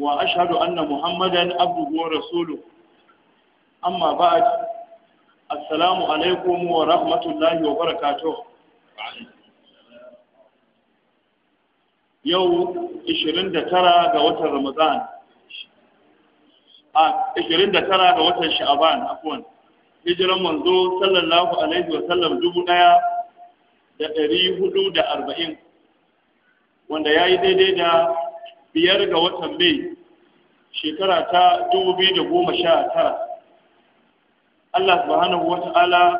وأشهد أن محمدا عبده ورسوله أما بعد السلام عليكم ورحمة الله وبركاته يو 29 ga watan Ramadan a 29 ga watan Sha'ban afwan hijiran manzo sallallahu alaihi wa sallam dubu daya da ɗari hudu da arba'in wanda ya yi daidai da biyar ga watan mai shekara ta dubu biyu da goma sha tara Allah subhanahu wa ta'ala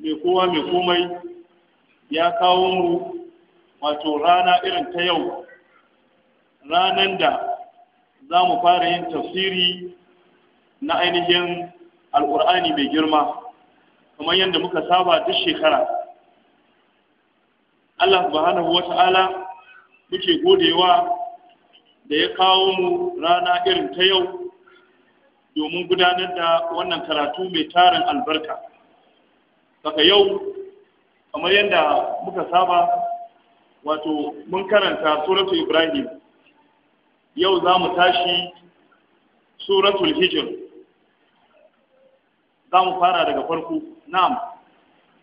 mai kowa mai komai ya kawo mu wato rana irin ta yau ranar da za mu fara yin tafsiri na ainihin al'ur'ani mai girma kamar yadda muka saba duk shekara Allah subhanahu wa ta'ala muke godewa da ya kawo mu rana irin ta yau domin gudanar da wannan karatu mai tarin albarka saka yau kamar yadda muka saba wato mun karanta suratu ibrahim yau za mu tashi suratul hijr za mu fara daga farko na'am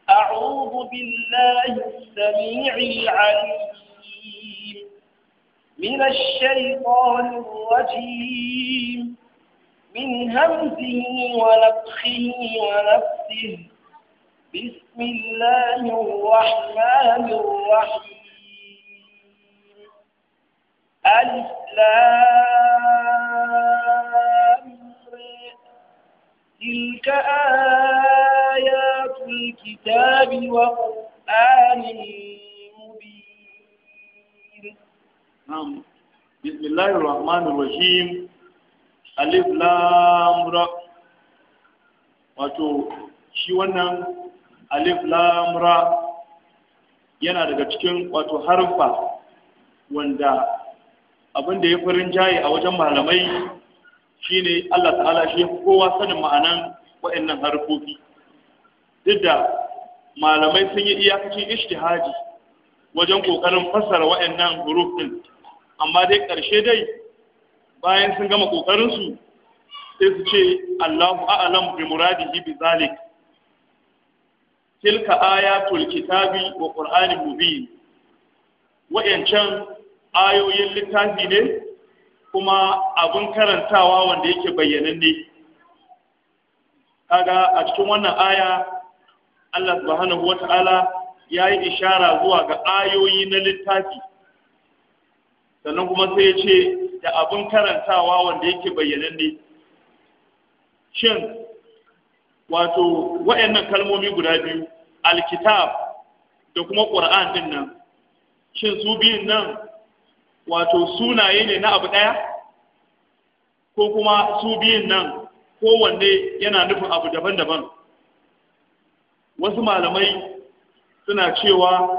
أعوذ بالله السميع العليم من الشيطان الرجيم من همزه ونفخه ونفسه بسم الله الرحمن الرحيم ألف تلك آيات الكتاب وقرآن نعم بسم الله الرحمن الرحيم ألف لام wato shi wannan alif lam ra yana daga cikin wato harfa wanda abin da ya farin jaye a wajen malamai shine Allah ta'ala shi kowa sanin ma'anan waɗannan harfofi duk da malamai sun yi iyakacin ijtihadi wajen kokarin fassara waɗannan huruf ɗin amma dai ƙarshe dai bayan sun gama ƙoƙarinsu sai su ce Allahu a'lam bi muradihi bi zalik tilka ayatul kitabi wa qur'anin mubin wa'yancan ayoyin littafi ne kuma abin karantawa wanda yake bayyananne kaga a cikin wannan aya Allah subhanahu ta'ala, ya yi ishara zuwa ga ayoyi na littafi sannan kuma sai ya ce da abin karantawa wanda yake bayyananne shin wato wa'annan kalmomi guda biyu alkitab da kuma ƙura'an din nan shin su biyun nan wato sunaye ne na abu ɗaya ko kuma su biyun nan kowanne yana nufin abu daban-daban wasu malamai suna cewa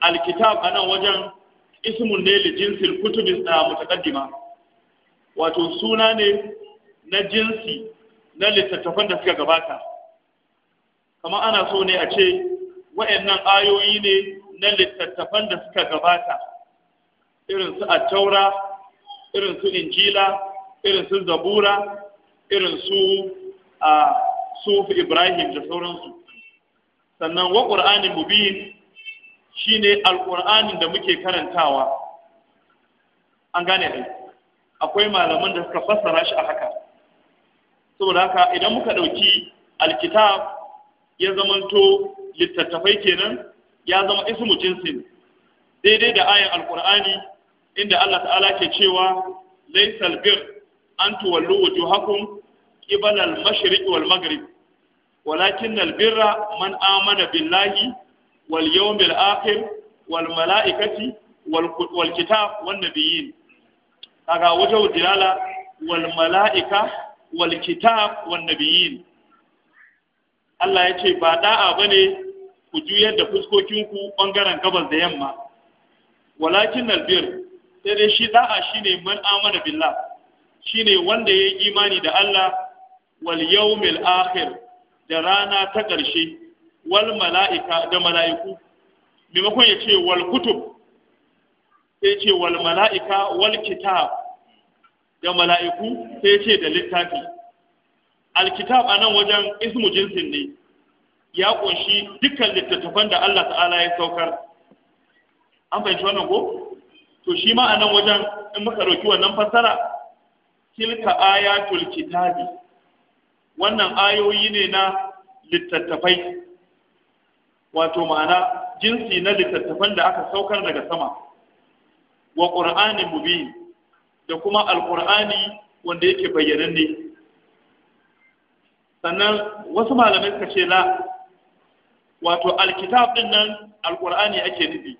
alkitab a nan wajen ismun ne li jinsil kutubi da ah, mutaqaddima wato suna ne na jinsi na littattafan da suka gabata kama ana so ne a ce wa'annan ayoyi ne na littattafan da suka gabata irin su attaura irin su injila irin su zabura irin su a ah, sufi ibrahim da sauransu sannan wa ƙur'anin mubin Shi ne alƙur'anin da muke karantawa an gane ne akwai malaman da suka fassara shi a haka saboda haka idan muka ɗauki alkitab ya zamanto littattafai kenan ya zama ismu jinsin daidai da ayan Alƙur'ani, inda Allah ta'ala ke cewa laisal bir an tuwallu wajo hakun ibalal mashirikiwal wal walakin albirra birra man amana billahi wal ahir akhir wal mala'ikati wal kitab wan nabiyyin kaga wajen wal Allah ya ce ba da'a bane ku juyar da fuskokinku ɓangaren gabas da yamma walakin albir sai dai shi ɗa'a shine man amana billah shine wanda ya yi imani da Allah wal yawmil akhir da rana ta ƙarshe wal mala'ika da mala'iku maimakon ya ce wal kutub sai ce wal mala'ika wal kitab da mala'iku sai ce da littafi alkitab a nan wajen ismu jinsin ne ya ƙunshi dukkan littattafan da Allah ta'ala ya saukar an fahimci wannan ko to shi ma a nan wajen in muka ɗauki wannan fassara tilka ayatul kitabi wannan ayoyi ne na littattafai wato ma'ana jinsi na littattafan da aka saukar daga sama wa qur'anin mubi da kuma alqur'ani wanda yake bayyananne sannan wasu malamai suka ce la wato alkitab din nan alqur'ani ake nufi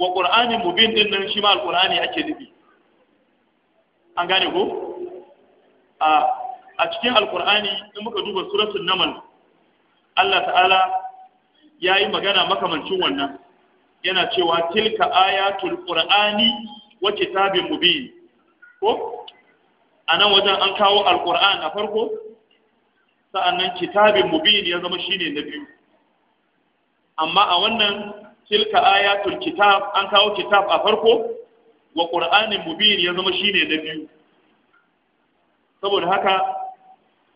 wa qur'anin mubi din nan shi ma alqur'ani ake nufi an gane ko a cikin alqur'ani in muka duba suratul namal Allah ta'ala ya yi magana makamancin wannan yana cewa tilka ayatul qur'ani wa kitabin mubin ko anan wajen an kawo alqur'an a farko sa'annan kitabin mubin ya zama shine na biyu amma a wannan tilka ayatul kitab an kawo kitab a farko wa qur'anin mubin ya zama shine na biyu saboda haka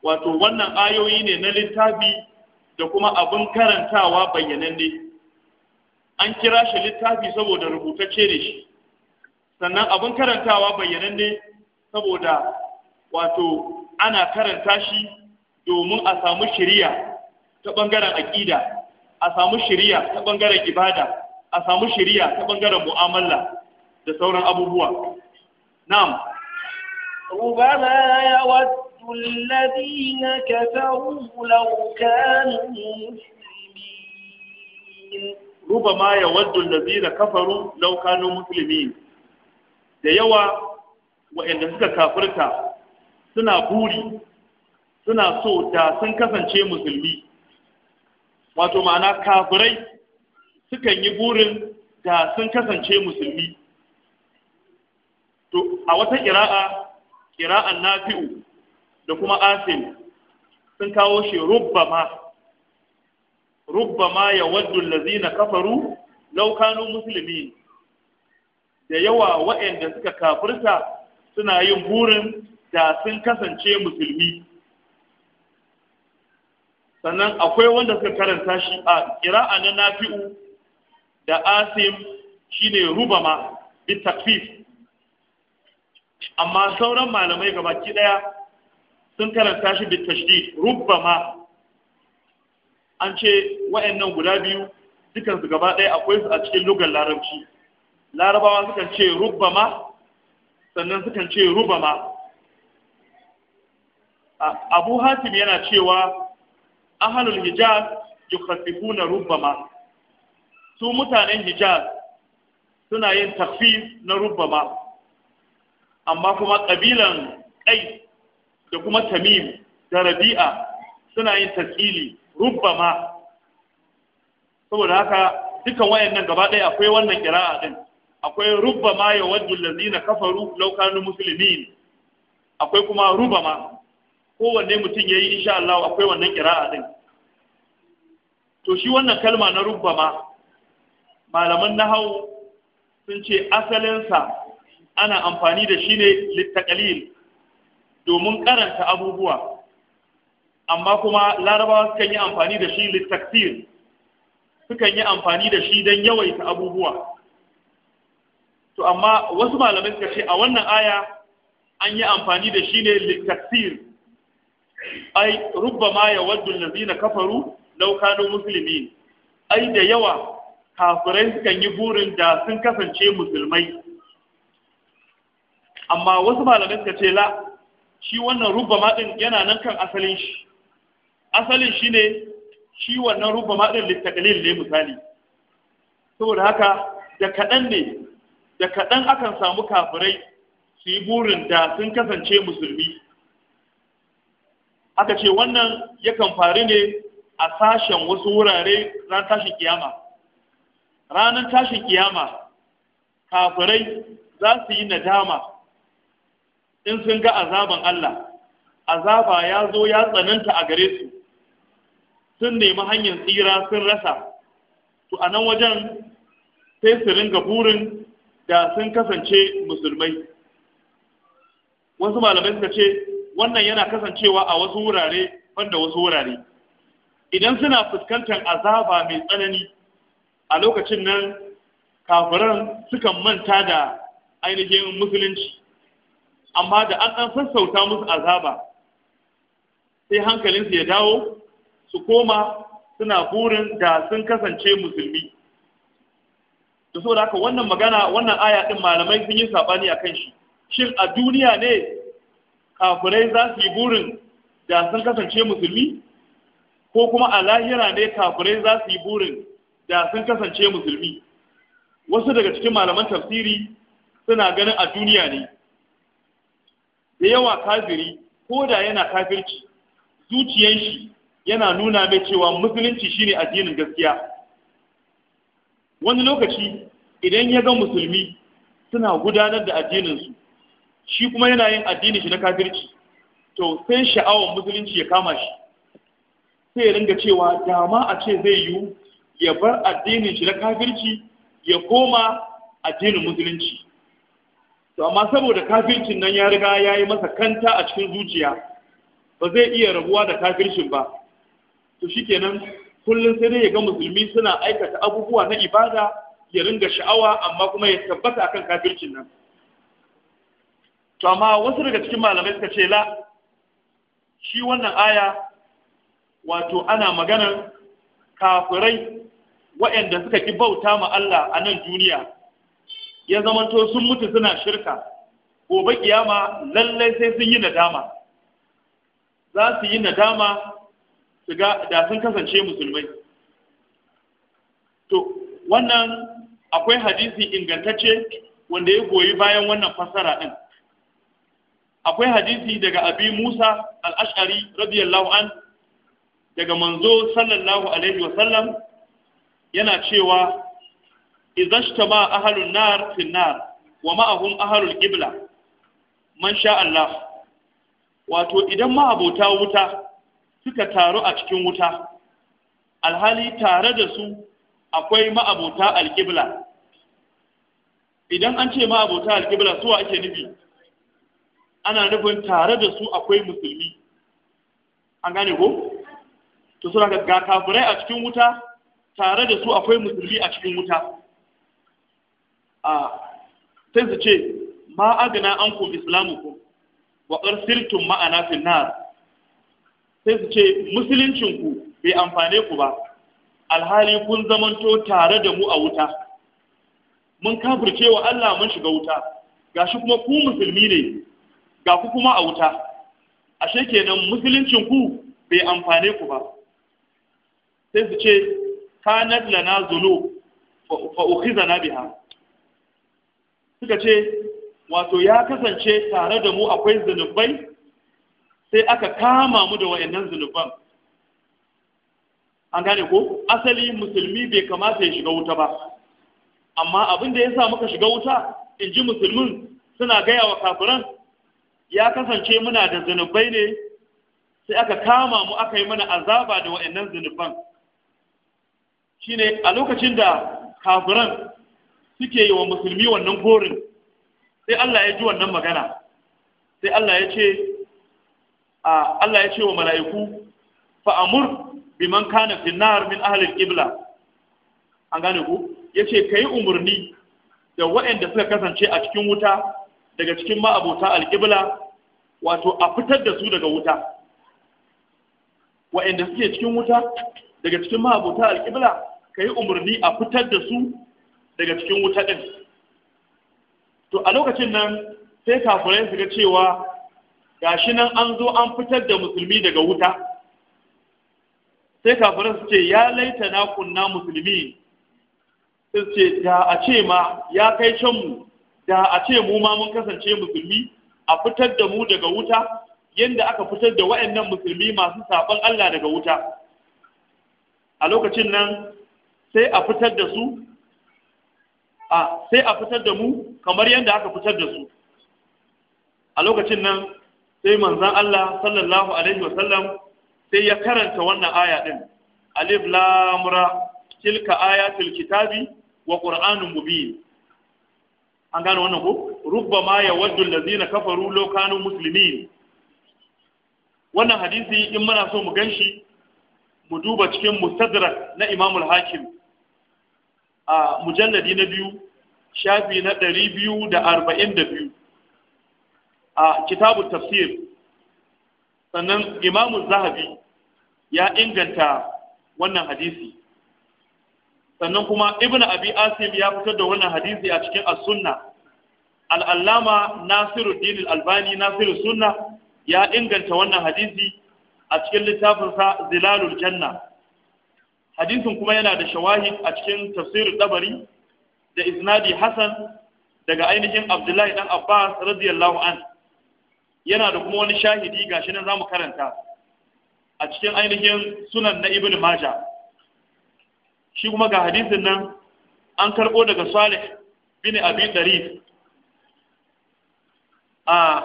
wato wannan ayoyi ne na littafi da kuma abin karantawa bayyananne an kira shi littafi saboda rubutacce da shi sannan abin karantawa bayyananne saboda wato ana karanta shi domin a samu shiriya ta ɓangaren aƙida a samu shiriya ta bangaren ibada a samu shiriya ta bangaren mu'amala da sauran abubuwa na'am ربما الذين كفروا لو كانوا مسلمين ربما يود الذين كفروا لو كانوا مسلمين da yawa waɗanda suka kafirta suna buri suna so da sun kasance musulmi wato ma'ana kafirai sukan yi burin da sun kasance musulmi to a wata ƙira'a ƙira'an nafi'u da kuma asim sun kawo shi rubbama rubbama ya waddu lazina kafaru laukanu musulmi da yawa waɗanda suka kafirta suna yin burin da sun kasance musulmi sannan akwai wanda suka karanta shi a ƙira'a na nafi'u da asim shine rubama bi takfif amma sauran malamai gabaki ɗaya sun karanta shi bit tashdid rubbama an ce wa'annan guda biyu dukan su gaba ɗaya akwai su a cikin lugar larabci larabawa sukan ce rubbama sannan sukan ce rubama abu hatim yana cewa ahalul hijaz na rubbama su mutanen hijaz suna yin tafi na rubbama amma kuma ƙabilan ƙai da kuma tamim da rabi'a suna yin tasili rubbama saboda haka dukan wayannan gaba ɗaya akwai wannan kira'a din akwai rubbama ya wajju lazina kafaru law musulmin akwai kuma rubbama kowanne mutum yayi insha Allah akwai wannan kira'a din to shi wannan kalma na rubbama malaman nahawu sun ce asalinsa ana amfani da shi ne littakalil domin karanta abubuwa amma kuma larabawa sukan yi amfani da shi taksir, sukan yi amfani da shi don yawaita abubuwa to amma wasu malamai suka ce a wannan aya an yi amfani da shi ne taksir. ai rubbama ya waddu lazina kafaru laukano musulmi ai da yawa kafirai sukan yi burin da sun kasance musulmai amma wasu malamai suka ce la shi wannan ruba maɗin yana nan kan asalin shi asalin shi ne shi wannan ruba maɗin littakalil ne misali saboda haka da kaɗan ne da kaɗan akan samu kafirai su yi burin da sun kasance musulmi aka ce wannan yakan faru ne a sashen wasu wurare ran tashin kiyama ranar tashin kiyama kafirai za su yi nadama in sun ga azaban Allah azaba ya zo ya tsananta a gare su sun nemi hanyar tsira sun rasa to a nan wajen sai su ringa burin da sun kasance musulmai wasu malamai suka ce wannan yana kasancewa a wasu wurare banda wasu wurare idan suna fuskantar azaba mai tsanani a lokacin nan kafiran sukan manta da ainihin musulunci amma da an ɗan sassauta musu azaba sai hankalinsu ya dawo su koma suna burin da sun kasance musulmi da saboda haka wannan magana wannan aya ɗin malamai sun yi saɓani a kan shi shin a duniya ne kafirai za su yi burin da sun kasance musulmi ko kuma a lahira ne kafirai za su yi burin da sun kasance musulmi wasu daga cikin malaman tafsiri suna ganin a duniya ne da yawa kafiri ko da yana kafirci zuciyar shi yana nuna mai cewa musulunci shine addinin gaskiya wani lokaci idan ya ga musulmi suna gudanar da addininsu shi kuma yana yin addini shi na kafirci to sai sha'awar musulunci ya kama shi sai ya ringa cewa dama a ce zai yiwu ya bar addinin shi na kafirci ya koma addinin musulunci to amma saboda kafircin nan ya riga ya yi masa kanta a cikin zuciya ba zai iya rabuwa da kafircin ba to shikenan kullum sai dai ya ga musulmi suna aikata abubuwa na ibada ya ringa sha'awa amma kuma ya tabbata akan kafircin nan to amma wasu daga cikin malamai suka ce la shi wannan aya wato ana maganar kafirai waɗanda suka ki bauta ma Allah a nan duniya ya zamanto sun mutu suna shirka gobe kiyama lallai sai sun yi nadama za su yi nadama su ga da sun kasance musulmai to wannan akwai hadisi ingantacce wanda ya goyi bayan wannan fassara din akwai hadisi daga abi musa al-ash'ari radiyallahu an daga manzo sallallahu alaihi wasallam yana cewa izashtama ahlun nar fi nar wa ma'ahum ahlul qibla man sha Allah wato idan ma'abota wuta suka taru a cikin wuta alhali tare da su akwai ma'abota alƙibla idan an ce ma'abota alƙibla suwa ake nufi ana nufin tare da su akwai musulmi an gane ko to suna ga kafirai a cikin wuta tare da su akwai musulmi a cikin wuta a sai su ce ma ku islamu ku wa arsiltum ma'ana fil nar sai su ce musuluncin ku bai amfane ku ba alhali kun zamanto tare da mu a wuta mun kafirce wa Allah mun shiga wuta gashi kuma ku musulmi ne ga ku kuma a wuta ashe kenan musuluncin ku bai amfane ku ba sai su ce kanat lana zulu fa ukhizana biha suka ce wato ya kasance tare da mu akwai zunubai sai aka kama mu da wa'annan zunuban an gane ko asali musulmi bai kamata ya shiga wuta ba amma abin da ya sa muka shiga wuta in ji musulmin suna gaya wa kafiran ya kasance muna da zunubai ne sai aka kama mu aka yi mana azaba da wa'annan zunuban shine a lokacin da kafiran suke yi wa musulmi wannan gorin sai Allah ya ji wannan magana sai Allah ya ce a Allah ya ce wa mala'iku fa amur biman kana fi nar min ahli al-qibla an gane ku yace kai umurni da waɗanda suka kasance a cikin wuta daga cikin ma'abota al-qibla wato a fitar da su daga wuta waɗanda suke cikin wuta daga cikin ma'abota al-qibla kai umurni a fitar da su daga cikin wuta ɗin to a lokacin nan sai kafirai su ga cewa gashi nan an zo an fitar da musulmi daga wuta sai kafirai su ce ya laita na kunna musulmi su ce da a ce ma ya kai can mu da a ce mu ma mun kasance musulmi a fitar da mu daga wuta yadda aka fitar da wa'annan musulmi masu saɓon Allah daga wuta a lokacin nan sai a fitar da su a sai a fitar da mu kamar yadda aka fitar da su a lokacin nan sai manzan Allah sallallahu alaihi wasallam sai ya karanta wannan aya din alif lam ra tilka ayatul kitabi wa qur'anun mubin an gane wannan ko rubbama yawaddu allazina kafaru law musulmi. wannan hadisi in muna so mu ganshi mu duba cikin mustadrak na imamul hakim a mujalladi na biyu shafi na ɗari biyu da arba'in da biyu a kitabu tafsir sannan imamun zahabi ya inganta wannan hadisi sannan kuma ibn abi asim ya fitar da wannan hadisi a cikin as-sunna al-allama nasiruddin albani nasiru sunna ya inganta wannan hadisi a cikin littafinsa zilalul janna hadisin kuma yana da shawahid a cikin tafsirin dabari da isnadi hasan daga ainihin abdullahi dan abbas radiyallahu an yana da kuma wani shahidi gashi nan zamu karanta a cikin ainihin sunan na ibn majah shi kuma ga hadisin nan an karɓo daga salih bin abi darif a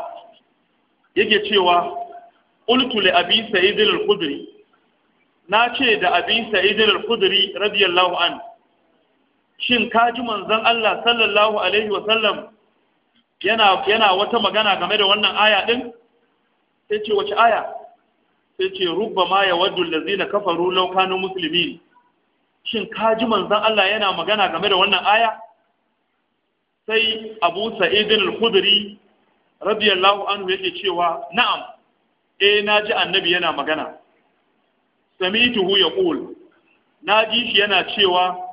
yake cewa qultu li abi sa'id al-khudri na ce da abi sa'idin al-khudri radiyallahu an shin ka ji manzon Allah sallallahu alaihi wa sallam yana wata magana game da wannan aya din sai ce wace aya sai ce Rubba ma rubbama da zina kafaru law kanu musulmi. shin ka ji manzon Allah yana magana game da wannan aya sai Abu Sa'idin al-Khudri radiyallahu an yake cewa na'am eh ji annabi yana magana samituhu yaqul na ji shi yana cewa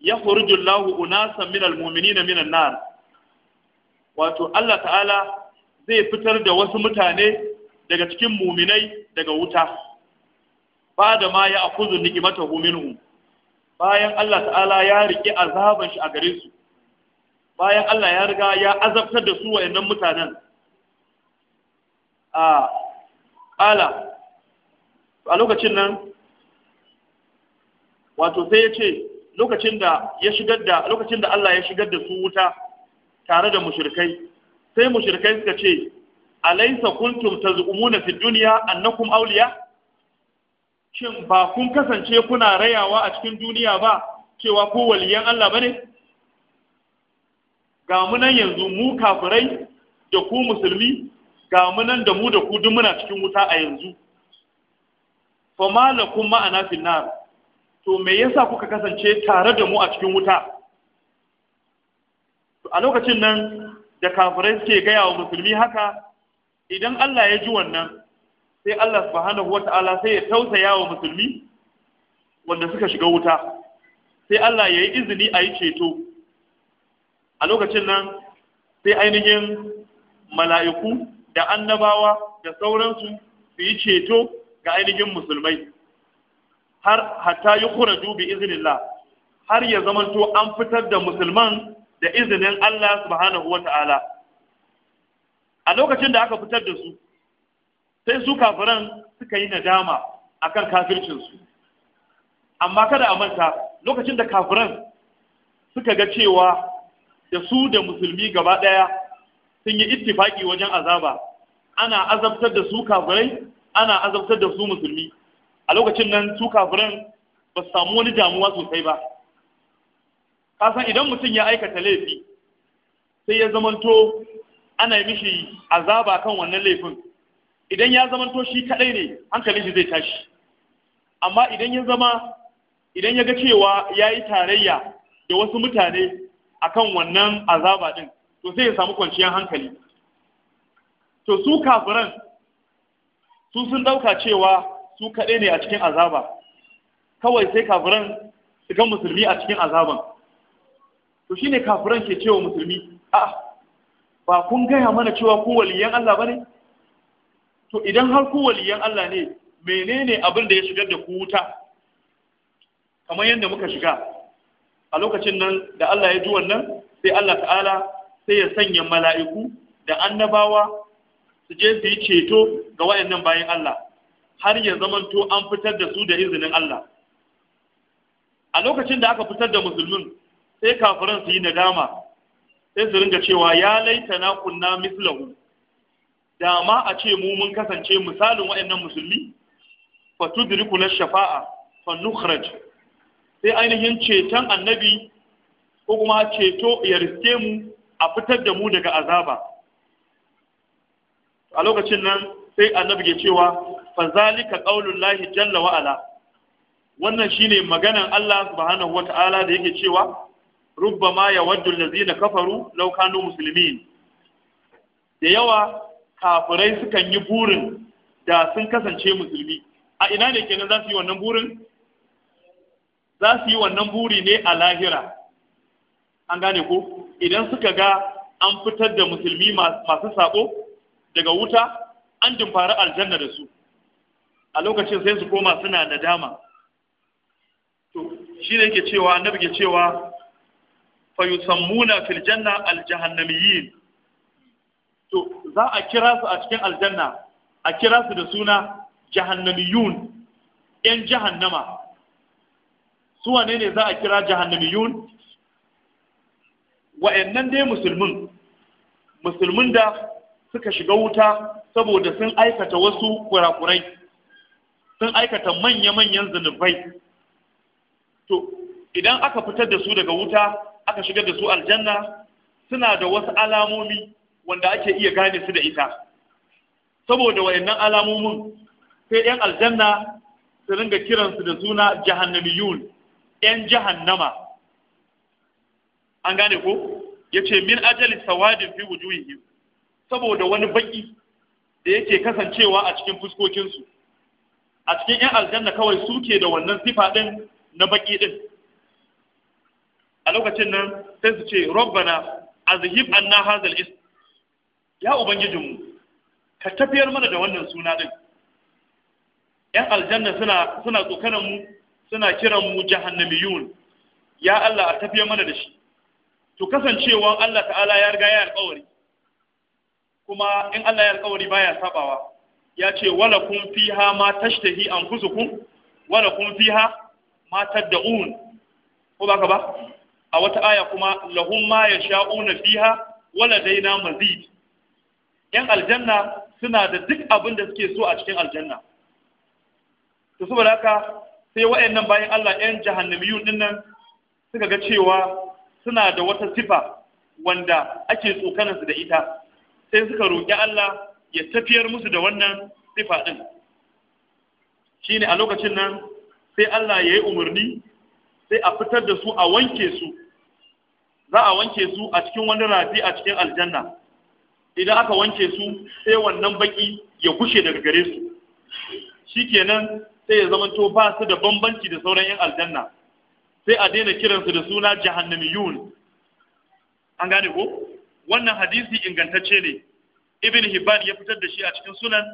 Ya yakhruju Allahu unasa minal mu'minina min nar wato Allah ta'ala zai fitar da wasu mutane daga cikin muminai daga wuta ba da ma ya akuzu ni'imatahu minhum bayan Allah ta'ala ya riki azaban shi a gare su bayan Allah ya riga ya azabtar da su wayannan mutanen a ala a lokacin nan wato sai ya ce lokacin da ya shigar da lokacin da Allah ya shigar da su wuta tare da mushrikai sai mushrikai suka ce alaysa kuntum tazumuna fid dunya annakum awliya shin ba kun kasance kuna rayawa a cikin duniya ba cewa ko waliyan Allah bane ga mu nan yanzu mu kafirai da ku musulmi ga mu nan da mu da ku duk muna cikin wuta a yanzu fa malakum ma'ana fil nar to me yasa kuka kasance tare da mu a cikin wuta a lokacin nan da kafirai suke gaya wa musulmi haka idan Allah ya ji wannan sai Allah subhanahu wata'ala sai ya tausaya wa musulmi wanda suka shiga wuta sai Allah ya yi izini a yi ceto a lokacin nan sai ainihin mala'iku da annabawa da sauransu su yi ceto ga ainihin musulmai har hatta yi kuraju bi iznillah har ya zamanto an fitar da musulman da izinin Allah subhanahu ta'ala a lokacin da aka fitar da su sai su kafiran suka yi nadama akan kafircinsu amma kada a manta lokacin da kafiran suka ga cewa da su da musulmi gaba ɗaya sun yi ittifaki wajen azaba ana azabtar da su kafirai ana azabtar da su musulmi a lokacin nan su kafiran ba su samu wani damuwa sosai ba kasan idan mutum ya aikata laifi sai ya zamanto ana yi mishi azaba kan wannan laifin idan ya zamanto shi kadai ne hankali shi zai tashi amma idan ya zama idan ya ga cewa ya yi tarayya da wasu mutane a kan wannan azaba din to sai ya samu kwanciyar hankali to su kafiran su sun dauka cewa su kaɗai ne a cikin azaba kawai sai kafiran su ga musulmi a cikin azaban to shine kafiran ke cewa musulmi a ah, ba kun gaya mana cewa ku waliyan Allah bane to idan har ku waliyan Allah ne menene abin da ya shigar da ku wuta kamar yadda muka shiga a lokacin nan da Allah ya ji wannan sai Allah ta'ala sai ya sanya mala'iku da annabawa su je su yi ceto ga wayannan bayan Allah har ya zamanto an fitar da su da izinin Allah a lokacin da aka fitar da musulmin sai kafiran su yi nadama sai su ringa cewa ya laita na kunna mislahu da ma a ce mu mun kasance misalin wayannan musulmi fa tudriku shafa'a fa nukhraj sai ainihin ceton annabi ko kuma ceto ya riske mu a fitar da mu daga azaba a lokacin nan sai annabi ya cewa fa zalika qaulul lahi jalla wa ala wannan shine maganan Allah subhanahu wa da yake cewa rubbama yawaddu allazina kafaru law kanu muslimin da yawa kafirai sukan yi burin da sun kasance musulmi a ina ne kenan za su yi wannan burin za su yi wannan buri ne a lahira an gane ko idan suka ga an fitar da musulmi masu sako daga wuta an jimfari aljanna da su a lokacin sai su koma suna nadama to shi ne yake cewa annabi ke cewa fa yusammuna fil janna al to za a kira su a cikin aljanna a kira su da suna jahannamiyun yan jahannama su wane ne za a kira jahannamiyun wa'annan dai musulmin musulmin da suka shiga wuta saboda sun aikata wasu kurakurai sun aikata manya-manyan zunubai to idan aka fitar da su daga wuta aka shigar da su aljanna suna da wasu alamomi wanda ake iya gane su da ita saboda wayannan alamomin sai 'yan aljanna su ringa kiransu da suna jahannamiyun 'yan jahannama an gane ko ya ce min ajali sawadin fi wujuhihim saboda wani baki da yake kasancewa a cikin fuskokinsu a cikin 'yan aljanna kawai suke da wannan sifa ɗin na baki ɗin a lokacin nan sai su ce rabbana azhib anna hadha al-ism ya mu. ka tafiyar mana da wannan suna din yan aljanna suna suna tsokanan mu suna kiran mu jahannamiyun ya Allah a tafiyar mana da shi to kasancewa Allah ta'ala ya riga ya alƙawari kuma in Allah ya alƙawari baya sabawa ya ce wala kun fiha ma tashtahi anfusukum wala kun fiha ma taddaun? ko baka ba a wata aya kuma lahum ma yasha'una fiha wala daina mazid yan aljanna suna da duk abin da suke so a cikin aljanna to saboda haka sai wayannan bayan Allah yan jahannamiyun dinnan suka ga cewa suna da wata sifa wanda ake tsokanar su da ita sai suka roƙi Allah ya tafiyar musu da wannan sifa din ne a lokacin nan sai Allah ya yi umarni sai a fitar da su a wanke su za a wanke su a cikin wani rafi a cikin aljanna idan aka wanke su sai wannan baki ya kushe daga gare su Shi nan sai ya zamanto ba su da bambanci da sauran 'yan aljanna sai a daina kiransu da suna jahannamiyun an gane ko wannan hadisi ingantacce ne ibn hibban ya fitar da shi a cikin sunan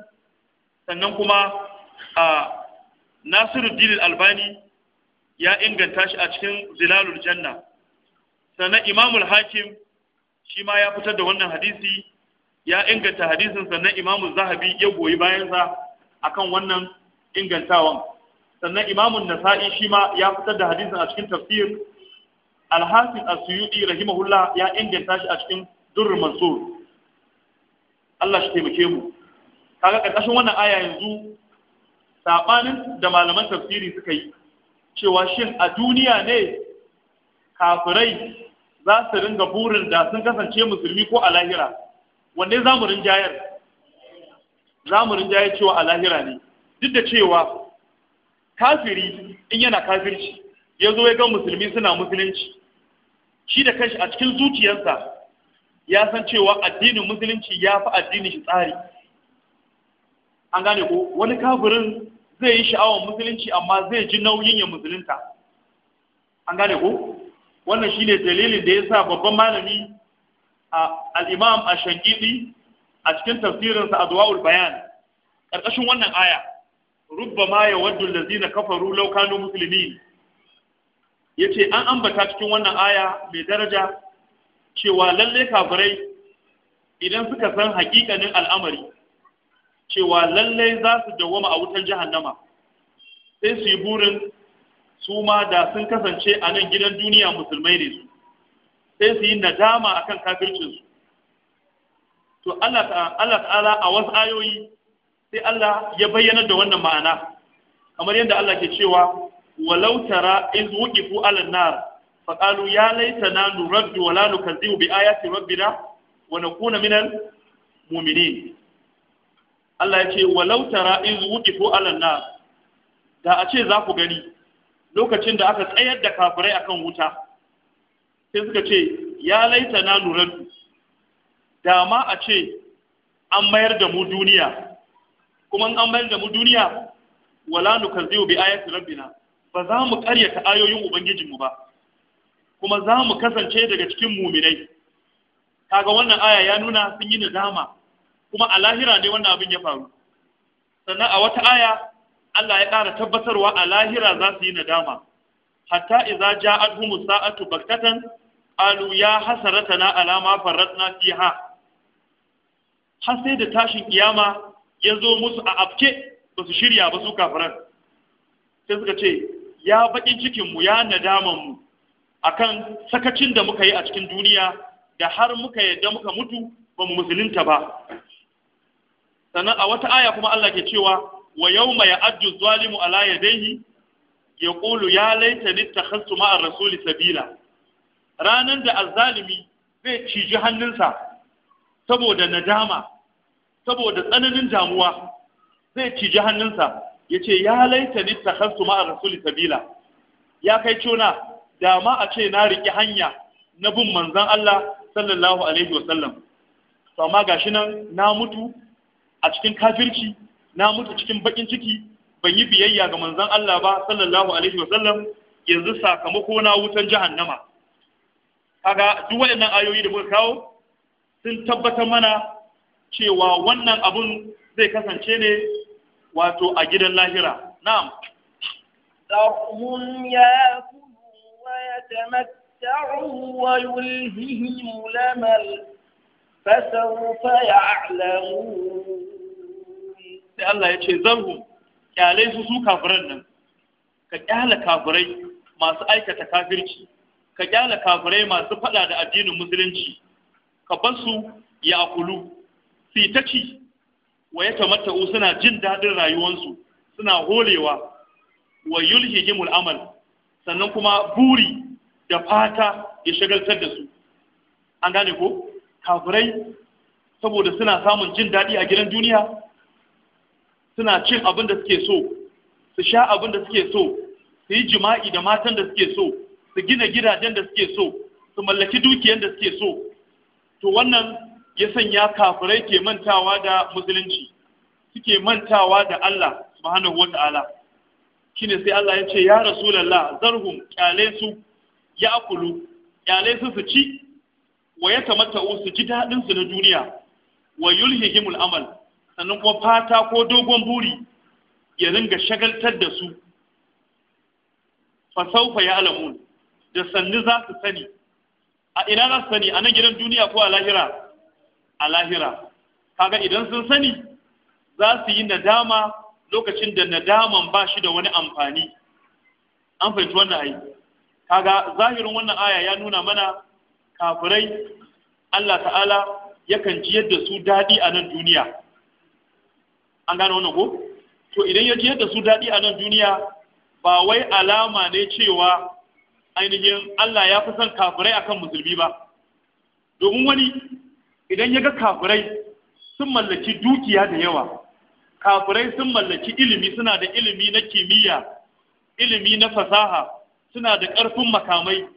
sannan kuma a nasiruddin albani ya inganta shi a cikin zilalul janna sannan imamul hakim shi ma ya fitar da wannan hadisi ya inganta hadisin sannan imamul zahabi ya goyi bayansa akan wannan ingantawan sannan imamun nasa'i shi ma ya fitar da hadisin a cikin tafsir alhasin asuyudi rahimahullah ya inganta shi a cikin durr mansur Allah shi taimake mu kaga karkashin wannan aya yanzu sabanin da malaman tafsiri suka yi cewa shin a duniya ne kafirai za su ringa burin da sun kasance musulmi ko a lahira wanne za mu rinjayar za mu rinjayar cewa a lahira ne duk da cewa kafiri in yana kafirci ya zo ya ga musulmi suna musulunci shi da kanshi a cikin zuciyarsa ya san cewa addinin musulunci ya fi addinin shi tsari an gane ko wani kafirin zai yi sha'awar musulunci amma zai ji nauyin ya musulunta an gane ko wannan shi ne dalilin da ya sa babban malami a alimam a shangidi a cikin tafsirinsa a zuwa bayan ƙarƙashin wannan aya Rubba ma ya rubbama yawaddu na kafaru law musulmi. Ya ce an ambata cikin wannan aya mai daraja cewa lalle kafirai idan suka san hakikanin al'amari cewa lalle za su dawwama a wutar jahannama sai su yi burin su ma da sun kasance a nan gidan duniya musulmai ne su sai su yi nadama a kan kafircinsu to Allah ta'ala a wasu ayoyi sai Allah ya bayyana da wannan ma'ana kamar yadda Allah ke cewa walautara in iz wuqifu nar faƙalu ya laita na nuraddu wala nukazzibu bi ayati rabbina wa kuna minan mu'minin Allah ya ce walau tara iz ko ala na? da a ce za ku gani lokacin da aka tsayar da kafirai akan wuta sai suka ce ya laita na nuraddu da ma a ce an mayar da mu duniya kuma an mayar da mu duniya wala nukazzibu bi ayati rabbina ba za mu karyata ayoyin ubangijinmu ba kuma za mu kasance daga cikin muminai kaga wannan aya ya nuna sun yi nadama kuma a lahira ne wannan abin ya faru sannan a wata aya Allah ya ƙara tabbatarwa a lahira za su yi nadama hatta idza ja'atuhum sa'atu baktatan qalu ya hasaratana ala na farratna fiha har sai da tashin kiyama ya zo musu a afke ba su shirya ba su kafiran sai suka ce ya bakin cikin mu ya nadaman mu akan sakacin da muka yi a cikin duniya da har muka yadda muka mutu ba mu musulunta ba sannan a wata aya kuma Allah ke cewa wa yawma ya'addu zalimu ala yadayhi qulu ya laita laitani ittakhadtu ma'a rasuli sabila ranan da azzalimi zai ciji hannunsa saboda nadama saboda tsananin damuwa zai ciji hannunsa yace ya laita laitani ittakhadtu ma'a rasuli sabila ya kai cewa da ma a ce na riƙi hanya na bin manzan Allah sallallahu alaihi wasallam to amma gashi nan na mutu a cikin kafirci na mutu cikin baƙin ciki ban yi biyayya ga manzan Allah ba sallallahu alaihi wasallam yanzu sakamako na wutan jahannama kaga duk waɗannan ayoyi da muka kawo sun tabbatar mana cewa wannan abun zai kasance ne wato a gidan lahira na'am Zahum تمتعوا ويلههم الأمل فسوف يعلمون sai Allah ya ce zarhu kyalai su su kafiran nan ka kyala kafirai masu aikata kafirci ka kyala kafirai masu faɗa da addinin musulunci ka bar su ya akulu su yi ta ci wa suna jin daɗin rayuwarsu. suna holewa wa yulhihimul amal sannan kuma buri da fata ya shagaltar da su an gane ko kafirai saboda suna samun jin daɗi a gidan duniya suna cin abin da suke so su sha abin da suke so su yi jima'i da matan da suke so su gina gidajen da suke so su mallaki dukiyar da suke so to wannan ya sanya kafirai ke mantawa da musulunci suke mantawa da Allah subhanahu ta'ala shine sai Allah ya ce ya rasulullah zarhum kyale su ya Kulu, iyalai su su ci wa ya tamatta'u su ji daɗin su na duniya wa yulhihimul amal sannan kuma fata ko dogon buri ya ringa shagaltar da su fasaufa ya alamun da sannu za su sani a ina za su sani a nan gidan duniya ko a lahira a lahira kaga idan sun sani za su yi nadama lokacin da nadaman ba shi da wani amfani an fahimci wannan aiki kaga zahirin wannan aya ya nuna mana kafirai Allah ta'ala yakan ji yadda su daɗi a nan duniya an gano wannan ko to idan ya ji yadda su daɗi a nan duniya ba wai alama ne cewa ainihin Allah ya fi son kafirai akan musulmi ba domin wani idan ya ga kafirai sun mallaki dukiya da yawa kafirai sun mallaki ilimi suna da ilimi na kimiyya ilimi na fasaha suna da ƙarfin makamai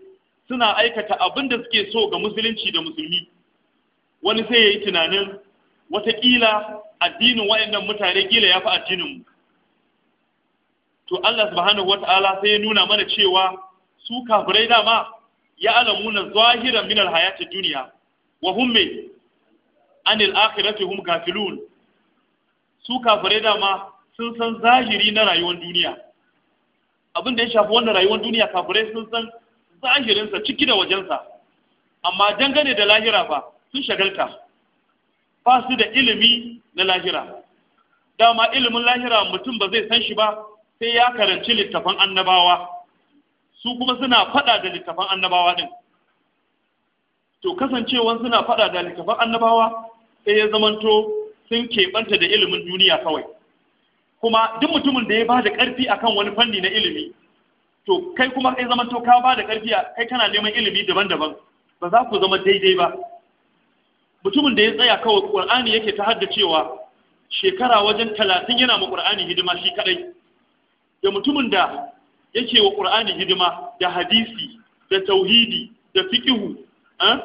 suna aikata abin da suke so ga musulunci da musulmi wani sai ya yi tunanin watakila addinin waɗannan mutane kila ya fi mu to Allah subhanahu wata'ala sai ya nuna mana cewa su kafirai dama ya alamu na zahiran minar alhayati duniya wa hum me anil akhirati hum gafilun su kafirai dama sun san zahiri na rayuwar duniya abin da ya shafi wannan rayuwar duniya kafirai sun san zahirinsa ciki da wajensa amma dangane da lahira ba sun shagalta ba su da ilimi na lahira dama ilimin lahira mutum ba zai san shi ba sai ya karanci littafan annabawa su kuma suna faɗa da littafan annabawa ɗin to kasancewan suna faɗa da littafan annabawa sai ya zamanto sun keɓanta da ilimin duniya kawai kuma duk mutumin da ya ba da ƙarfi akan wani fanni na ilimi to kai kuma kai zaman to ka ba da ƙarfi kai kana neman ilimi daban-daban ba za ku zama daidai ba mutumin da ya tsaya kawai ƙur'ani yake ta cewa shekara wajen talatin yana ma ƙur'ani hidima shi kaɗai da mutumin da yake wa ƙur'ani hidima da hadisi da tauhidi da fiƙihu eh,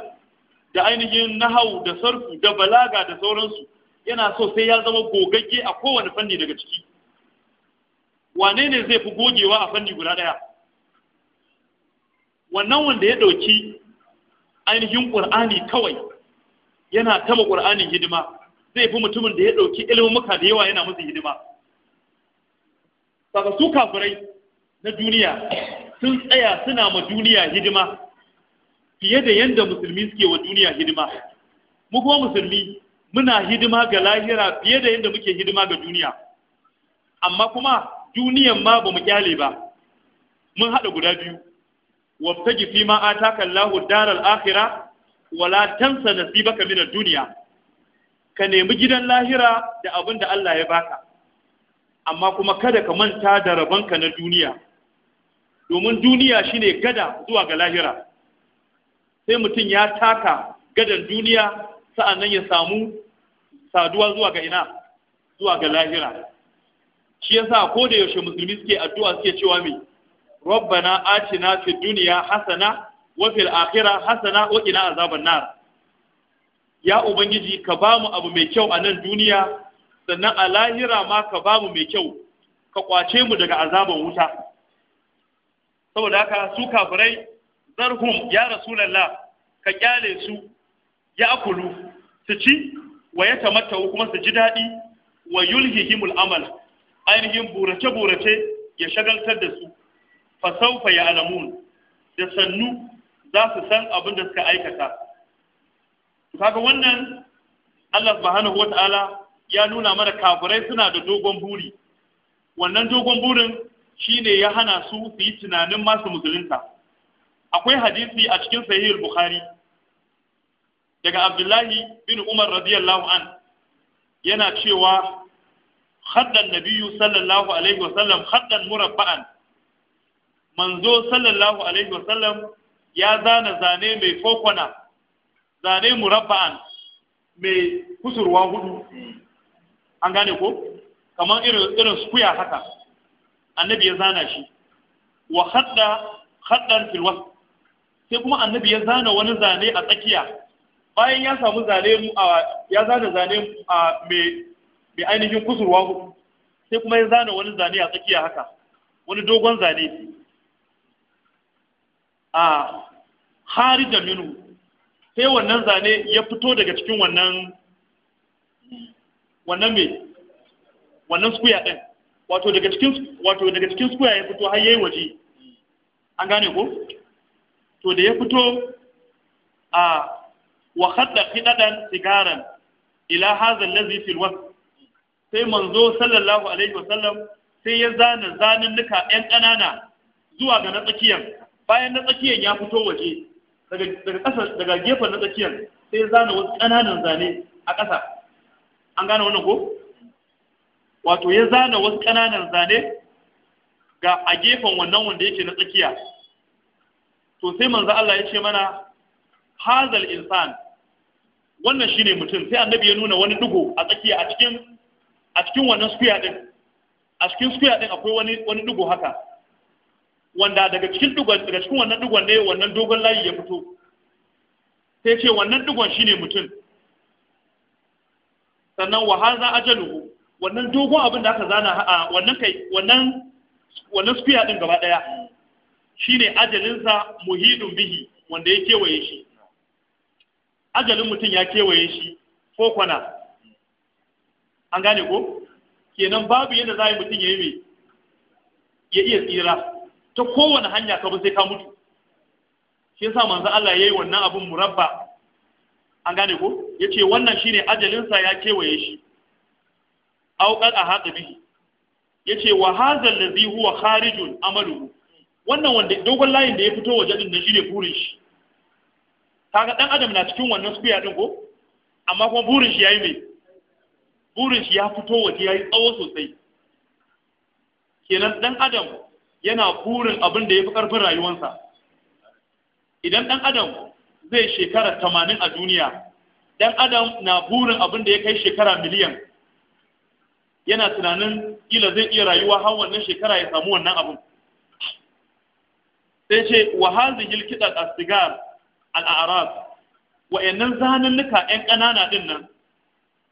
da ainihin nahau da sarfu da balaga da sauransu yana so sai ya zama gogagge a kowane fanni daga ciki wane ne zai fi gogewa a fanni guda ɗaya wannan wanda ya ɗauki ainihin ƙur'ani kawai yana tama ƙur'anin hidima zai fi mutumin da ya ɗauki ilmumuka da yawa yana musu hidima saka su kafirai na duniya sun tsaya suna ma duniya hidima fiye da yadda musulmi suke wa duniya hidima mu kuma musulmi muna hidima ga lahira fiye da yadda muke hidima ga duniya amma kuma duniyan ma ba mu kyale ba mun haɗa guda biyu wata fi ma ataka Allahu daral akhirah wala tansa nasibaka min ad-dunya ka nemi gidan lahira da abin da Allah ya baka amma kuma kada ka manta da rabonka na duniya domin duniya shine gada zuwa ga lahira sai mutum ya taka gadan duniya sa'annan ya samu saduwa zuwa ga ina zuwa ga lahira shi yasa ko da yaushe musulmi suke addu'a suke cewa mai. rabbana atina fid dunya hasana wa fil akhirah hasana wa qina azaban nar ya ubangiji ka bamu abu mai kyau a nan duniya sannan a lahira ma ka bamu mai kyau ka kwace mu daga azaban wuta saboda haka su kafirai zarhum ya rasulullah ka kyale su ya akulu su ci wa ya tamatta kuma su ji daɗi wa yulhihimul amal ainihin burace-burace ya shagaltar da su fasaufa ya alamun da sannu za su san abin da suka aikata kaga wannan Allah subhanahu wata'ala ya nuna mana kafirai suna da dogon buri wannan dogon burin shine ya hana su su yi tunanin masu musulunta akwai hadisi a cikin sahihul bukhari daga abdullahi bin umar radiyallahu an yana cewa haddan nabiyu sallallahu alaihi wasallam haddan murabba'an manzo sallallahu alaihi wasallam ya zana zane mai fokona, zane murabba'an mai kusurwa hudu an gane ko kamar irin irin square haka annabi ya zana shi wa hadda haddan fil sai kuma annabi ya zana wani zane a tsakiya bayan ya samu zane mu a ya zana zane a mai mai ainihin kusurwa hudu sai kuma ya zana wani zane a tsakiya haka wani dogon zane a hari da minu sai wannan zane ya fito daga cikin wannan wannan mai wannan skuya din wato daga cikin wato daga cikin ya fito har yayi waje an gane ko to da ya fito a wa khadda qidadan sigaran ila hadha allazi fil wasf sai manzo sallallahu alaihi wasallam sai ya zana zanunnuka yan ƙanana zuwa ga na tsakiyar bayan na tsakiyar ya fito waje daga gefen na tsakiyar sai ya zana wasu ƙananan zane a ƙasa an gane wannan ko wato ya zana wasu ƙananan zane ga a gefen wannan wanda yake na tsakiya to sai manzo Allah ya ce mana hazal insan wannan shine mutum sai annabi ya nuna wani dugo a tsakiya a cikin a cikin wannan square din a cikin square din akwai wani wani dugo haka wanda daga cikin dugon daga cikin wannan dugon ne wannan dogon layi ya fito sai ce wannan dugon shine mutum sannan wa haza ajaluhu wannan dogon abin da aka zana a wannan kai wannan wannan square din gaba daya shine ajalinsa muhidun bihi wanda ya kewaye shi ajalin mutum ya kewaye shi ko kwana an gane ko kenan babu yadda za a yi mutum ya yi mai ya iya tsira ta kowane hanya ka sai ka mutu shi yasa manzo Allah yayi wannan abun murabba an gane ko yace wannan shine ajalin sa ya kewaye shi Aukar a ahata bihi yace wa hadha allazi huwa kharijun amalu wannan wanda dogon layin da ya fito waje din nan shine burin shi kaga dan adam na cikin wannan square din ko amma kuma burin shi yayi mai burin shi ya fito waje yayi tsawo sosai kenan dan adam yana burin abin da yafi karfin rayuwarsa idan dan adam zai shekara 80 a duniya dan adam na burin abin da ya kai shekara miliyan yana tunanin kila zai iya rayuwa har wannan shekara ya samu wannan abin sai ce wa hazihil a sigar. al'arab wa'annan zanannuka ‘yan ƙanana ɗin nan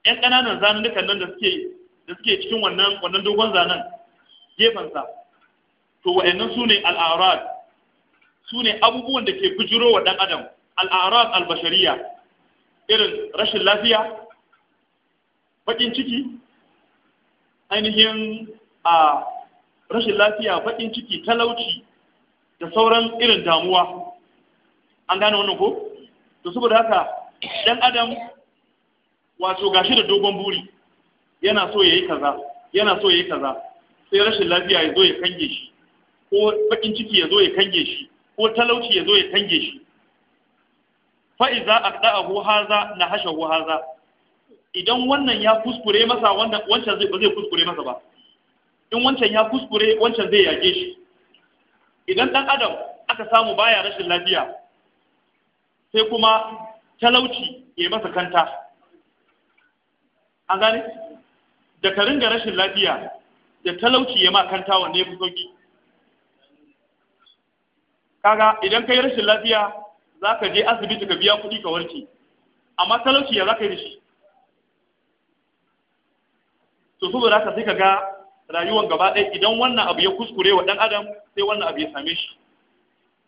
‘yan ƙananan zanannukan nan da suke cikin wannan wannan dogon zanen gefensa to wa’yannan su ne al'arab su ne abubuwan da ke bujiro wa ɗan adam al'arab albashariya irin rashin lafiya baƙin ciki ainihin a rashin lafiya baƙin ciki talauci da sauran irin damuwa an gane wannan ko to saboda haka dan adam wato gashi da dogon buri yana so yayi kaza yana so yayi kaza sai rashin lafiya ya zo ya kange shi ko bakin ciki ya zo ya kange shi ko talauci ya zo ya kange shi fa iza aqda'ahu haza na hashahu haza idan wannan ya kuskure masa wannan wancan zai ba zai kuskure masa ba in wancan ya kuskure wancan zai yage shi idan dan adam aka samu baya rashin lafiya sai kuma talauci ya masa kanta an gani. da ka ringa rashin lafiya da talauci ya ma kanta wanda ya fi sauki kaga idan ka yi rashin lafiya za ka je asibiti ka biya kuɗi ka warke amma talauci ya za ka yi da shi to haka sai ka ga rayuwan gaba ɗaya idan wannan abu ya kuskure wa ɗan adam sai wannan abu ya same shi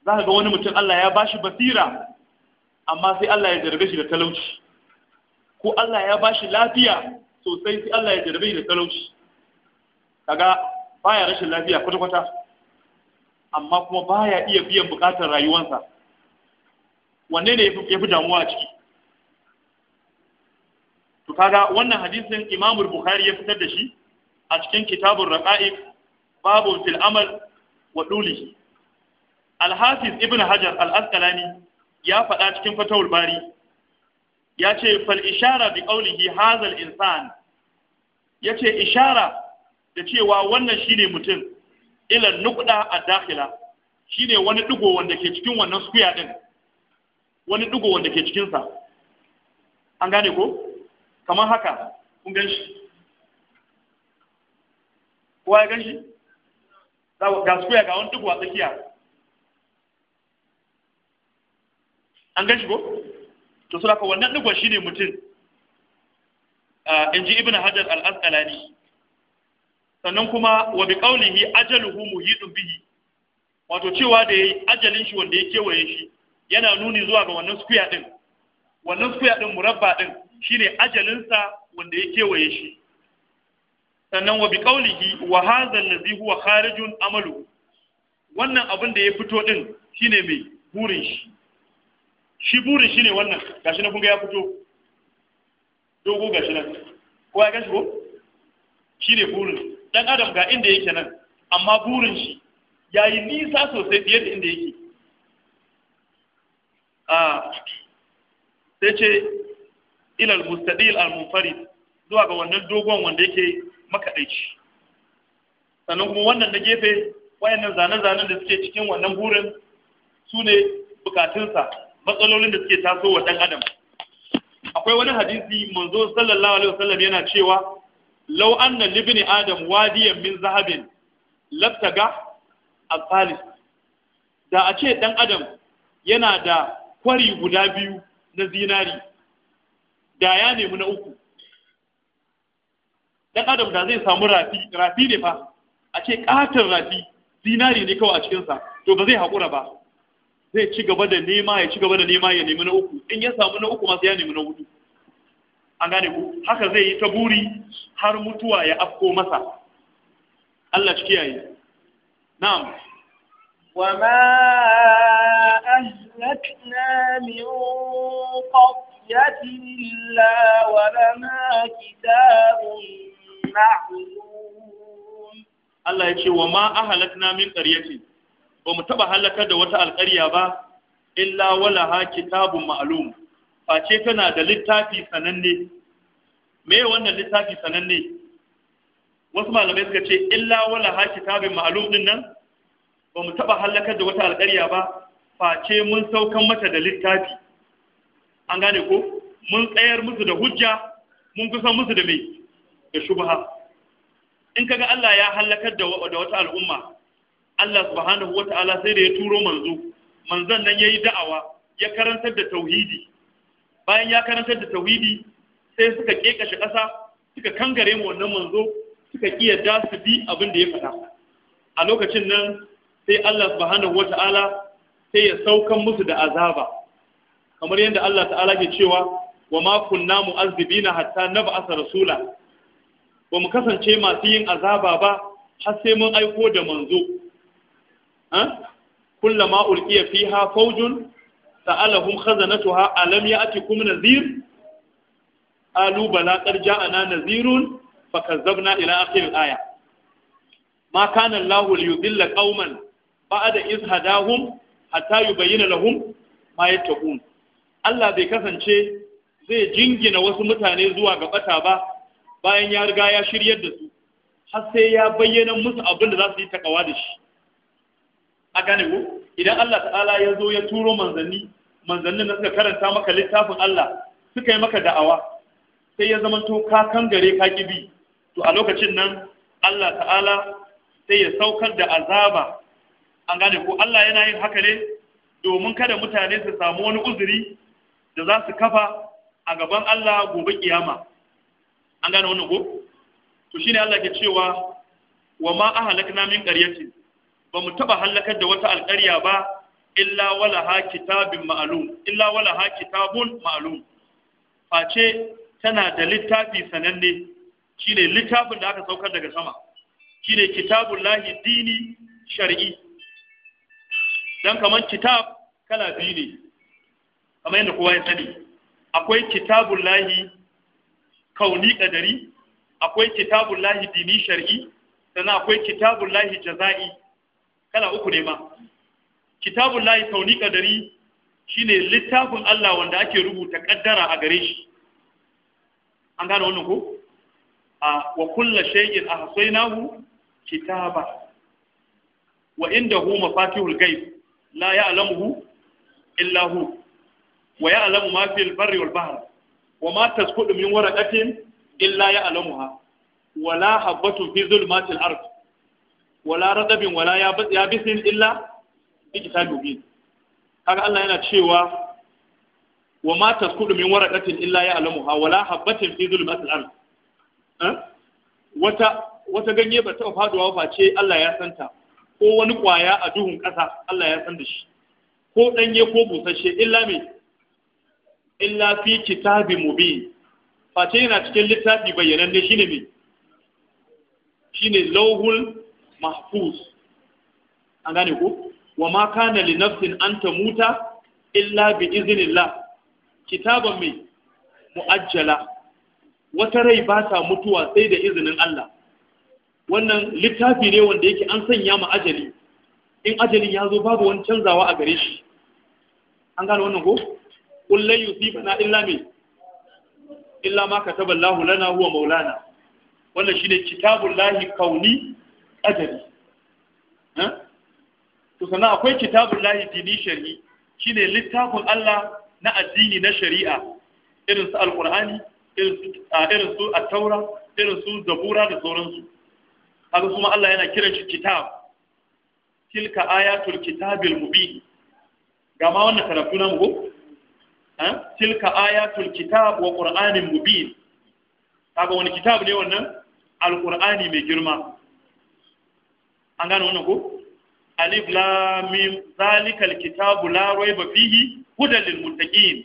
za ka ga wani mutum Allah ya bashi basira amma sai Allah ya jarabe shi da talauci ko Allah ya bashi lafiya sosai sai Allah ya jarabe shi da talauci kaga baya rashin lafiya kwata-kwata amma kuma baya iya biyan bukatar rayuwarsa wanne ne ya fi damuwa a ciki to kaga wannan hadisin Imam Bukhari ya fitar da shi a cikin kitabun raqa'iq babu fil amal wa dulihi al ibn hajar al-asqalani ya faɗa cikin fatawul bari ya ce fal ishara bi qawlihi hazal insan ya ce ishara da cewa wannan shine mutum ila nuqda ad-dakhila shine wani digo wanda ke cikin wannan sukuya din wani digo wanda ke cikin sa an gane ko kamar haka kun gan shi kowa ya gan shi ga sukuya ga wani digo a tsakiya an gan shi ko to su haka wannan digon shine mutum in ji ibn hajar al-asqalani sannan kuma wa bi qawlihi ajaluhu muhitun bihi wato cewa da yayi ajalin shi wanda ya kewaye shi yana nuni zuwa ga wannan square din wannan square din murabba din shine ajalin sa wanda ya kewaye shi sannan wa bi qawlihi wa hadha allazi huwa kharijun amalu wannan abin da ya fito din shine mai burin shi shi burin shi ne wannan gashi na kunga ya fito dogo gashi nan kowa ya gashi ko shi ne burin dan adam ga inda yake nan amma burin shi ya yi nisa sosai fiye da inda yake a sai ce ilal mustadil al munfarid zuwa ga wannan dogon wanda yake makaɗaici sannan kuma wannan na gefe wayannan zane-zanen da suke cikin wannan burin su ne bukatunsa matsalolin da suke taso wa ɗan adam akwai wani hadisi manzo sallallahu alaihi wasallam yana cewa law anna libni adam wadiyan min zahabin labtaga al da a ce ɗan adam yana da kwari guda biyu na zinari da ya nemi na uku Ɗan adam da zai samu rafi rafi ne fa a ce ƙaton rafi zinari ne kawai a cikinsa to ba zai haƙura ba zai ci gaba da nema ya ci gaba da nema ya nemi na uku in ya samu na uku masu ya nemi na hudu an gane ku haka zai yi ta buri har mutuwa ya afko masa Allah shi kiyaye na'am wa ma ahlakna min qaryatin illa wa lana kitabun ma'lum Allah ya ce wa ma ahlakna min qaryatin ba mu taba halakar da wata alƙarya ba illa wala ha kitabun ma'lum face tana da littafi sananne me wannan littafi sananne wasu malamai suka ce illa wala ha kitabun ma'lum din nan ba mu taba halakar da wata alƙarya ba face mun saukan mata da littafi an gane ko mun tsayar musu da hujja mun kusan musu da mai da shubha in kaga Allah ya halakar da wata al'umma Allah subhanahu ta'ala sai da ya turo manzo manzon nan yayi da'awa ya karantar da tauhidi bayan ya karantar da tauhidi sai suka kekashe ƙasa suka kangare mu wannan manzo suka da su bi abin da ya faɗa a lokacin nan sai Allah subhanahu ta'ala sai ya saukan musu da azaba kamar yadda Allah ta'ala ke cewa wa ma kunna mu'azzibina hatta nab'asa rasula ba mu kasance masu yin azaba ba har sai mun aiko da manzo kullama ulqiya fiha fawjun sa'alahum khazanatuha alam ya'tikum nadhir alu bala qad ja'ana nadhirun fakazzabna ila akhir al-aya ma kana Allah liyudilla qauman ba'da iz hadahum hatta yubayyana lahum ma yattaqun Allah bai kasance zai jingina wasu mutane zuwa ga bata ba bayan ya riga ya shiryar da su har sai ya bayyana musu abin da za su yi takawa da shi a gane ko idan Allah ta'ala ya zo ya turo manzanni manzannin da suka karanta maka littafin Allah suka yi maka da'awa sai ya zama to ka gare ka kibi to a lokacin nan Allah ta'ala sai ya saukar da azaba an gane ko Allah yana yin haka ne domin kada mutane su samu wani uzuri da za su kafa a gaban Allah gobe kiyama an gane wannan ko to shine Allah ke cewa wa ma ahlakna min qaryatin ba mu taɓa hallakar da wata alƙarya ba illa wala ha kitabin ma'alum illa wala ha kitabun ma'alum face tana da littafi sananne shine littafin da aka saukar daga sama shine kitabun lahi dini shar'i dan kaman kitab kala biyu ne kamar yadda kowa ya sani akwai kitabun lahi kauni kadari akwai kitabun lahi dini shar'i sannan akwai kitabun lahi jaza'i kala uku ne ma kitabun layi tauni kadari shine littafin Allah wanda ake rubuta kaddara a gare shi an gane wannan ko a wa kullu shay'in ahsaynahu kitaba wa indahu mafatihul ghaib la ya'lamuhu illa hu wa ya'lamu ma fil barri wal bahr wa ma tasqutu min waraqatin illa ya'lamuha wa la habatun fi zulmatil ardh wala radabin wala ya bisin illa bi kitabin kaga Allah yana cewa wa ma tasqudu min waraqatin illa ya'lamuha wala habatin fi dhulmatil ard eh? wata wata ganye ba ta faduwa ba ce Allah ya santa ko wani kwaya a duhun ƙasa Allah ya san da shi ko danye ko busasshe illa me illa fi kitabin mubin face yana cikin littafi bayyananne shine me shine lawhul mahfuz an gane ko wa ma kana li nafsin an tamuta illa bi iznillah kitabun mai mu'ajjala wata rai ba ta mutuwa sai da izinin Allah wannan littafi ne wanda yake an sanya ma ajali in ajalin ya zo babu wani canzawa a gare shi an gane wannan ko kullun yusibuna illa mai illa ma kataballahu lana huwa maulana wannan shine kitabullahi lahi kauni ƙadari to sannan akwai kitabun lahi dini shari'i shine littafin Allah na addini na shari'a irin su alƙur'ani irin su attaura irin su zabura da sauransu haka kuma Allah yana kiran shi kitab tilka ayatul kitabil mubin ga ma wannan karatu na muku tilka ayatul kitab wa qur'anin mubin Haka wani kitab ne wannan alqur'ani mai girma an gane wannan ko alif lam mim zalikal kitabu la raiba fihi hudan lil muttaqin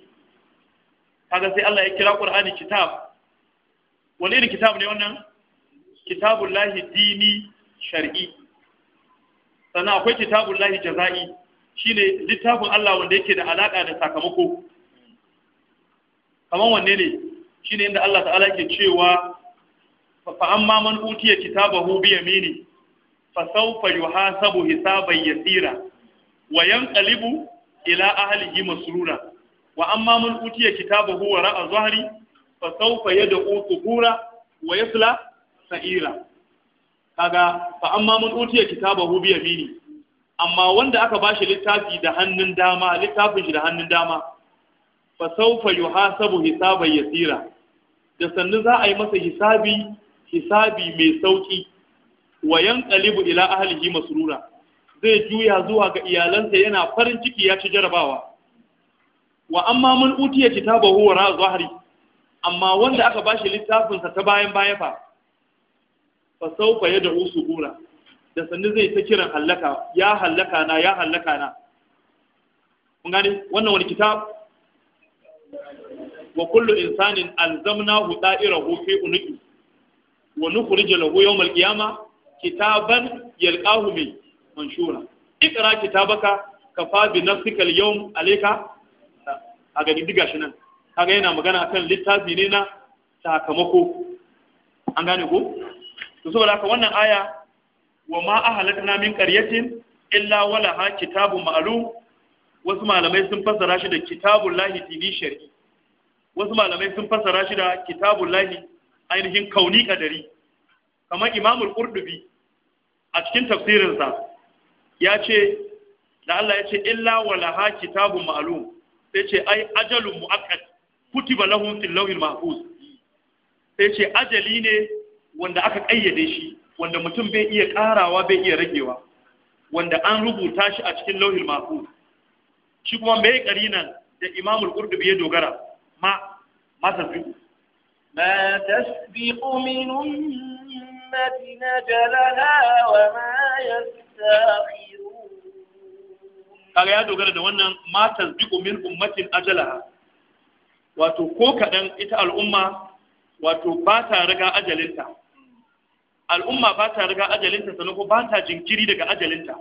kaga sai Allah ya kira Qur'ani kitab wani irin kitab ne wannan kitabul lahi dini shar'i sannan akwai kitabul lahi jaza'i shine littafin Allah wanda yake da alaka da sakamako kaman wanne ne shine inda Allah ta'ala ke cewa fa amma man utiya kitabahu bi yamini fasaufa yuhasabu hisaban yasira wa yanqalibu ila ahlihi masrura wa amma man utiya kitabahu wa ra'a zahri fasaufa yad'u qubura wa yasla sa'ira kaga fa amma man utiya kitabahu bi yamini amma wanda aka bashi littafi da hannun dama littafin shi da hannun dama fa sawfa yuhasabu hisaban yasira da sannu za a yi masa hisabi hisabi mai sauki wa ƙalibu ila ahlihi masrura zai juya zuwa ga iyalansa yana farin ciki ya ci jarabawa wa amma man utiya kitabahu wa zahri amma wanda aka bashi littafin sa ta bayan baya fa fa sawfa yad'u subura da sanin zai ta kiran hallaka ya hallaka na ya hallaka na kun gane wannan wani kitab wa kullu insanin alzamnahu da'irahu fi unuki wa nukhrij lahu yawm al-qiyamah kitaban yalqahu mai manshura ikra kitabaka kafa bi nafsika al-yawm alayka a ga diga nan kaga yana magana akan littafi ne na sakamako an gane ko to saboda haka wannan aya wa ma ahlakna min qaryatin illa walaha kitabun ma'lum wasu malamai sun fassara shi da kitabun lahi dini shari'i wasu malamai sun fassara shi da kitabun lahi ainihin kauni kadari kamar imamul qurdubi a cikin tafsirinsa ya ce da Allah ya ce illa ha kitabun ma'lum sai ce ai ajalun mu'akkad kutiba lahum fil lawhil mahfuz sai ce ajali ne wanda aka kayyade shi wanda mutum bai iya karawa bai iya ragewa wanda an rubuta shi a cikin lauhil mahfuz shi kuma mai karinan da imamul qurdubi ya dogara ma ma tasbihu ما تسبق من أمة نجلها وما يستأخرون kaga ya dogara da wannan ma tasbiqu min ummatin ajalaha wato ko kadan ita al'umma wato ba ta riga ajalinta al'umma ba ta riga ajalinta sannan ko ba ta jinkiri daga ajalinta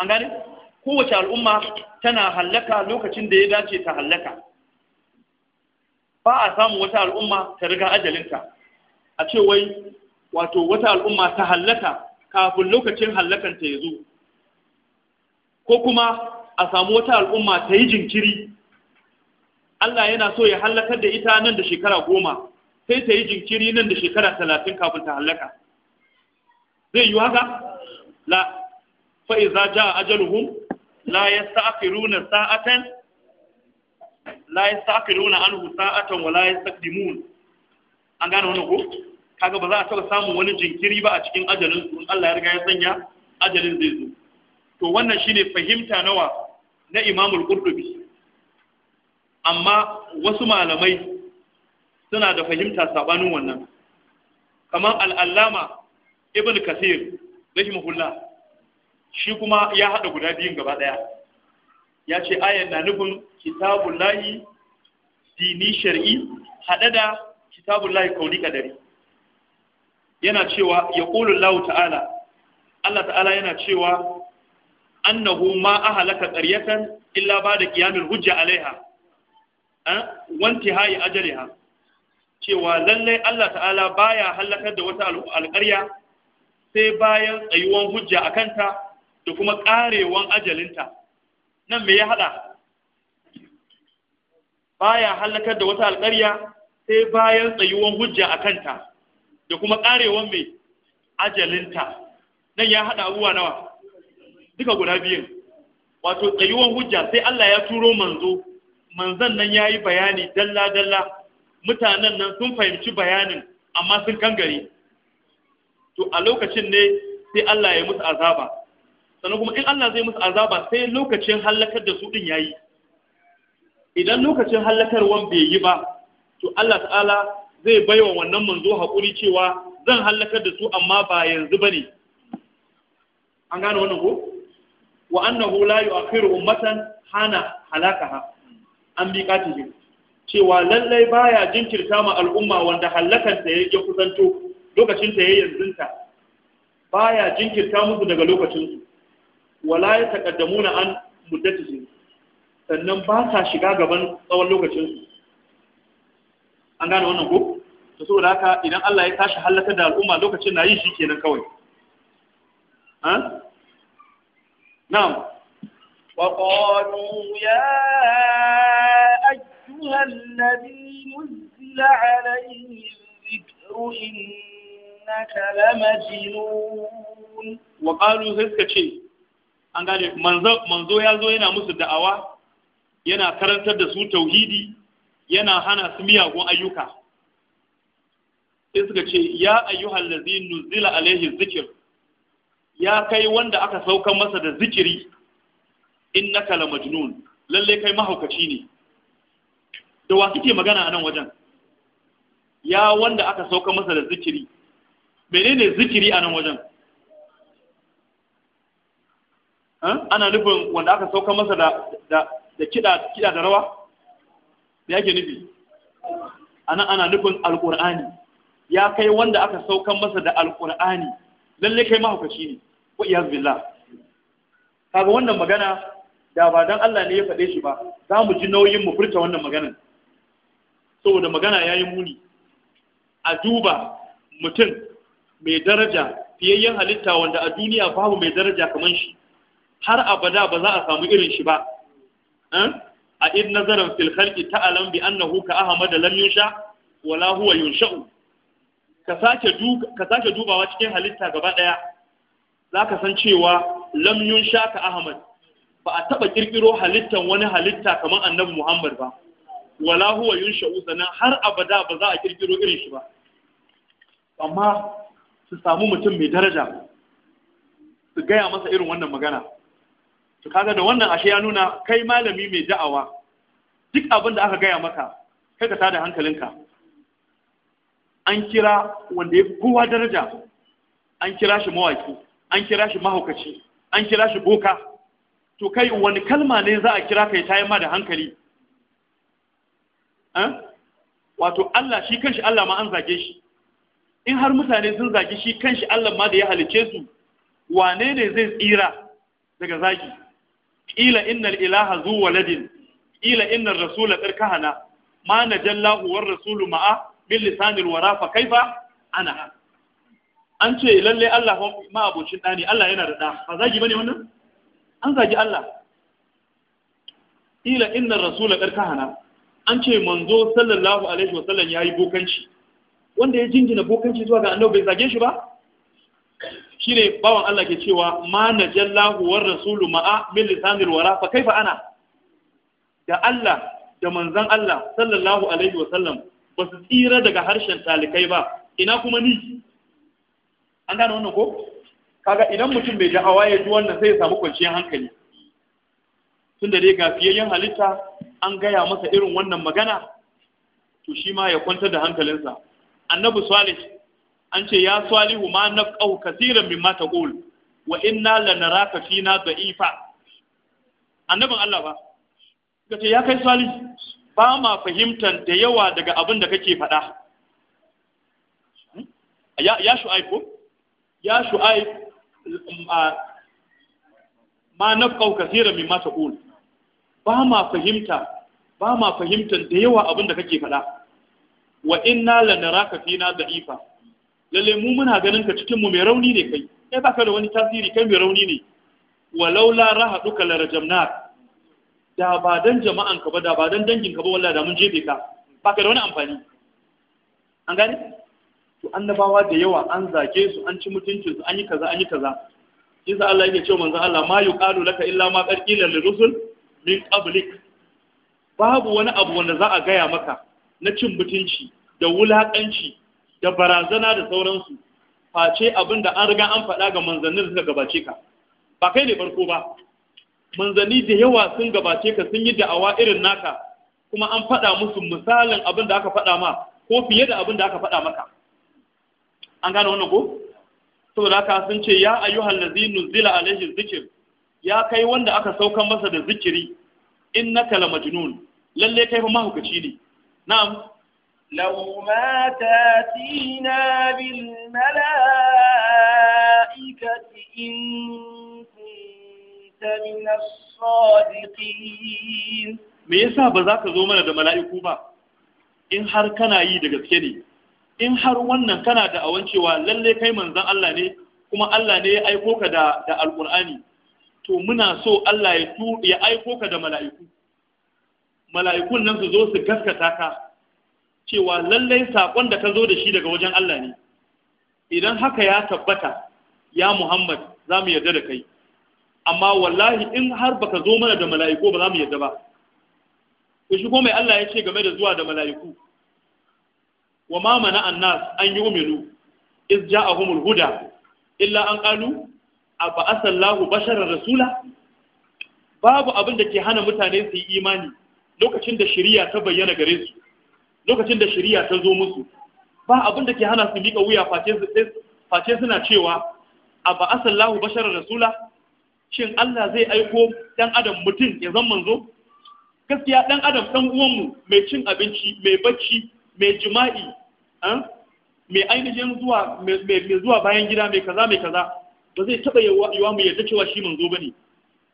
an gane kowace al'umma tana hallaka lokacin da ya dace ta hallaka ba a samu wata al'umma ta riga ajalinta a ce wai wato wata al'umma ta hallaka kafin lokacin hallakanta ya zo ko kuma a samu wata al'umma ta yi jinkiri Allah yana so ya hallakar da ita nan da shekara goma sai ta yi jinkiri nan da shekara talatin kafin ta hallaka zai yi haka la fa'iza ja ajaluhum la yasta'khiruna sa'atan la yastaqiluna anhu sa'atan wa la yastaqdimun an gane wannan ko kaga ba za a taɓa samun wani jinkiri ba a cikin ajalin su Allah ya riga ya sanya ajalin zai zo to wannan shine fahimta nawa na imamul al-Qurtubi amma wasu malamai suna da fahimta sabanin wannan kamar al-Allama Ibn Kathir rahimahullah shi kuma ya hada guda biyun gaba daya ya ce ayan na nufin kitabun lahi dini shari'i haɗe da kitabun lahi kauni kadari yana cewa ya ƙulun lahu ta'ala Allah ta'ala yana cewa annahu ma a halaka ƙaryatan illa ba da ƙiyamin hujja alaiha eh, wanti hayi ha'." cewa lallai Allah ta'ala baya halakar da wata alƙarya sai bayan tsayuwan hujja a kanta da kuma ƙarewan ajalinta nan me ya hada baya halakar da wata alƙarya sai bayan tsayuwan hujja a kanta da kuma ƙarewar mai ajalinta nan ya hada abuwa nawa duka guda biyun wato tsayuwan hujja sai Allah ya turo manzo manzon nan ya yi bayani dalla-dalla mutanen nan sun fahimci bayanin amma sun kangare to a lokacin ne sai Allah ya musu azaba sannan kuma in Allah zai musu azaba sai lokacin hallakar da su din yayi idan lokacin halakarwan bai yi ba to Allah ta'ala zai baiwa wannan manzo haƙuri cewa zan hallakar da su amma ba yanzu bane an gane wannan ko wa annahu la yu'akhiru ummatan hana halakaha an bi katiji cewa lallai baya jinkirta ma al'umma wanda hallakar ta ya kusanto lokacin ta yayin zinta baya jinkirta musu daga lokacin su wala ya taƙaddamu na an muddatihim sannan ba sa shiga gaban tsawon lokacinsu. an gane wannan ko so da haka idan Allah ya tashi halaka da al'umma lokacin na yi shi kenan kawai na'am وقالوا يا أيها الذي نزل عليه الذكر إنك لمجنون وقالوا هذا شيء an gane manzo ya zo yana musu da'awa yana karantar da su tauhidi yana hana su miyagun ayyuka sai suka ce ya ayyuhal ladzi nuzila alaihi zikir ya kai wanda aka saukan masa da zikiri innaka la majnun lalle kai mahaukaci ne da wa kike magana a nan wajen ya wanda aka sauka masa da zikiri menene zikiri a nan wajen Eh? ana nufin wanda aka sauka masa da kiɗa da rawa me yake nufi ana ana nufin alƙur'ani ya kai wanda aka sauka masa da alƙur'ani lalle kai mahaukaci ne wa iyaz billah kaga wannan magana da ba dan Allah ne ya faɗe shi ba za mu ji nauyin mu furta wannan maganan saboda magana yayi muni a duba mutum mai daraja fiyayyen halitta wanda a duniya babu mai daraja kamar shi har abada ba za a samu irin shi ba eh? a id nazarin fil khalqi ta'alam bi annahu ka ahmad lam yunsha wala huwa yunsha'u ka sake duka ka sake dubawa cikin halitta gaba daya zaka san cewa lam yunsha ka ahmad ba a taba kirkiro halittan wani halitta kamar annabi muhammad ba wala huwa yunsha'u sanan har abada ba za a kirkiro irin shi ba amma su samu mutum mai daraja su gaya masa irin wannan magana to kaga da wannan ashe ya nuna kai malami mai da'awa duk abin da aka gaya maka kai ka tada hankalinka an kira wanda ya kowa daraja an kira shi mawaki an kira shi mahaukaci an kira shi boka to kai wani kalma ne za a kira kai ta ma da hankali eh? wato Allah shi kanshi Allah ma an zage shi in har mutane sun zage shi kanshi Allah ma da ya halice su wane ne zai tsira daga zagi Ƙila innal ilaha zu waladin ƙila innar rasula qirkahana ma najallahu war rasulu ma'a bil lisanil wara fa kaifa ana an ce lalle Allah ma abocin dani Allah yana da ɗa. ba zagi bane wannan an zagi Allah qila innar rasula qirkahana an ce manzo sallallahu alaihi wasallam yayi bokanci wanda ya jingina bokanci zuwa ga annabi bai zage shi ba shine bawan Allah ke cewa ma najallahu war rasulu ma'a min lisanil wara fa kaifa ana da Allah da manzon Allah sallallahu alaihi wa sallam ba su tsira daga harshen talikai ba ina kuma ni an gane wannan ko kaga idan mutum bai da'awa ya ji wannan sai ya samu kwanciyar hankali tun da dai ga fiyayyen halitta an gaya masa irin wannan magana to shi ma ya kwantar da hankalinsa annabi salih an ce ya salihu ma na naqau min mata taqul wa inna lanaraka fina da'ifa annabin Allah ba suka ya kai salih ba ma fahimtar da yawa daga abin da kake faɗa ya shu'aib ko ya shu'aib ma naqau kaseeran mimma taqul ba ma fahimta ba ma fahimtar da yawa abin da kake faɗa wa inna lanaraka fina da'ifa lalle mu muna ganin ka cikin mu mai rauni ne kai kai baka da wani tasiri kai mai rauni ne walau la rahaduka la rajamna da ba dan jama'an ka ba da ba dan dangin ka ba wallahi da mun jefe ka baka da wani amfani an gane to annabawa da yawa an zage su an ci mutuncin su an yi kaza an yi kaza insa Allah yake cewa manzo Allah ma yuqalu laka illa ma qila lil rusul min qablik babu wani abu wanda za a gaya maka na cin mutunci da wulakanci da barazana da sauransu face abin da an riga an faɗa ga da suka gabace ka ba kai ne farko ba manzanni da yawa sun gabace ka sun yi da'awa irin naka kuma an faɗa musu misalin abin da aka faɗa ma ko fiye da abin da aka faɗa maka an gane wannan ko saboda ka sun ce ya ayyuhal ladzi nuzila alaihi Zikir ya kai wanda aka saukan masa da zikiri innaka lamajnun majnun lalle kai fa mahaukaci ne na'am لو ما تاتينا بالملائكة إن كنت من الصادقين me yasa ba za ka zo mana da mala'iku ba in har kana yi da gaske ne in har wannan kana da awan cewa lalle kai manzon Allah ne kuma Allah ne ya aiko ka da da to muna so Allah ya ya aiko ka da mala'iku mala'ikun nan su zo su gaskata ka cewa lallai saƙon da ka zo da shi daga wajen Allah ne idan haka ya tabbata ya Muhammad za mu yarda da kai amma wallahi in har baka zo mana da mala'iku ba za mu yarda ba ku ko mai Allah ya ce game da zuwa da mala'iku wa ma mana annas an yu'minu a humul huda illa an qalu asallahu basharar rasula babu abin da ke hana mutane su yi imani lokacin da shari'a ta bayyana gare su lokacin da shari'a ta zo musu ba abin da ke hana su mika wuya face suna cewa a ba asallahu basharar rasula shin Allah zai aiko dan adam mutum ya zan manzo gaskiya dan adam dan uwanmu mai cin abinci mai bacci mai jima'i mai ainihin zuwa mai zuwa bayan gida mai kaza mai kaza ba zai taba yawa mu yarda cewa shi manzo bane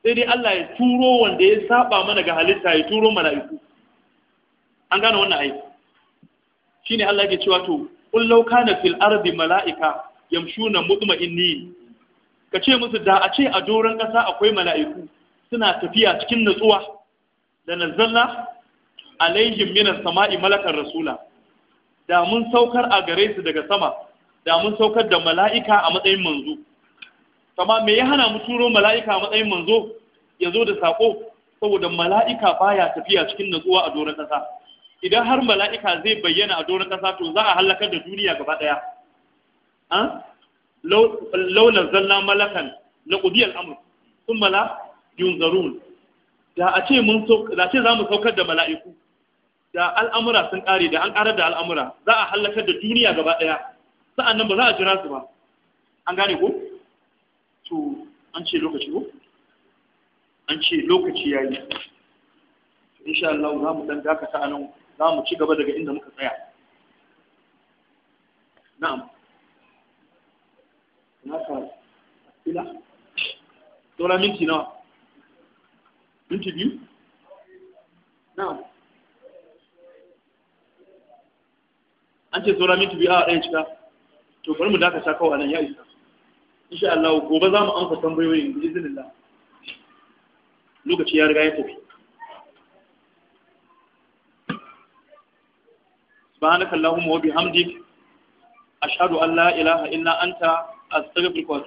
sai dai Allah ya turo wanda ya saba mana ga halitta ya turo mala'iku an gane wannan aiki shine Allah ke cewa to qul lauka na fil ardi malaika yamshuna inni ka ce musu da a ce a doron ƙasa akwai mala'iku suna tafiya cikin natsuwa da nazzalna alaihim minas sama'i malakar rasula da mun saukar a gare su daga sama da mun saukar da mala'ika a matsayin manzo kama me ya hana mu turo mala'ika a matsayin manzo ya zo da sako saboda mala'ika baya tafiya cikin natsuwa a doron ƙasa idan har mala'ika zai bayyana a doron ƙasa to za a halakar da duniya gaba ɗaya an launar zalla malakan na ƙudiyar amur sun mala yunzarun da a ce mun da ce za mu saukar da mala'iku da al'amura sun ƙare da an ƙarar da al'amura za a halakar da duniya gaba ɗaya sa'an nan ba za a jira su ba an gane ko to an ce lokaci ko an ce lokaci ya yi insha Allah za mu dan dakata a nan za mu ci gaba daga inda muka tsaya na'am na ka ila dola minti nawa minti biyu na'am an ce saura minti biyu a ɗaya cika to bari mu dakata kawai nan ya isa insha Allah gobe za mu amsa tambayoyin bi iznillah lokaci ya riga ya tafi subhanaka allahumma wa bihamdik ashhadu an la ilaha illa anta astaghfiruka wa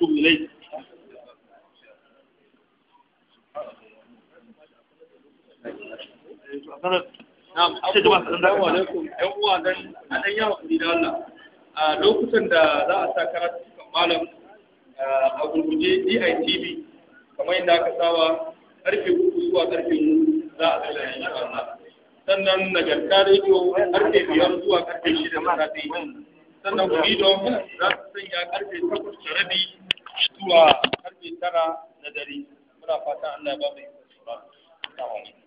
a lokutan da za a sa karatu malam a gurguje DITV kamar yadda aka saba karfe uku zuwa karfe za a tsaya insha Allah sannan nagarta rediyo karfe biyar zuwa karfe shida na safe sannan don za su sanya karfe takwas da rabi zuwa karfe tara na dare muna fata Allah ya ba mu yi